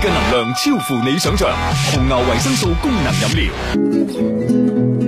嘅能量超乎你想象，紅牛維生素功能飲料。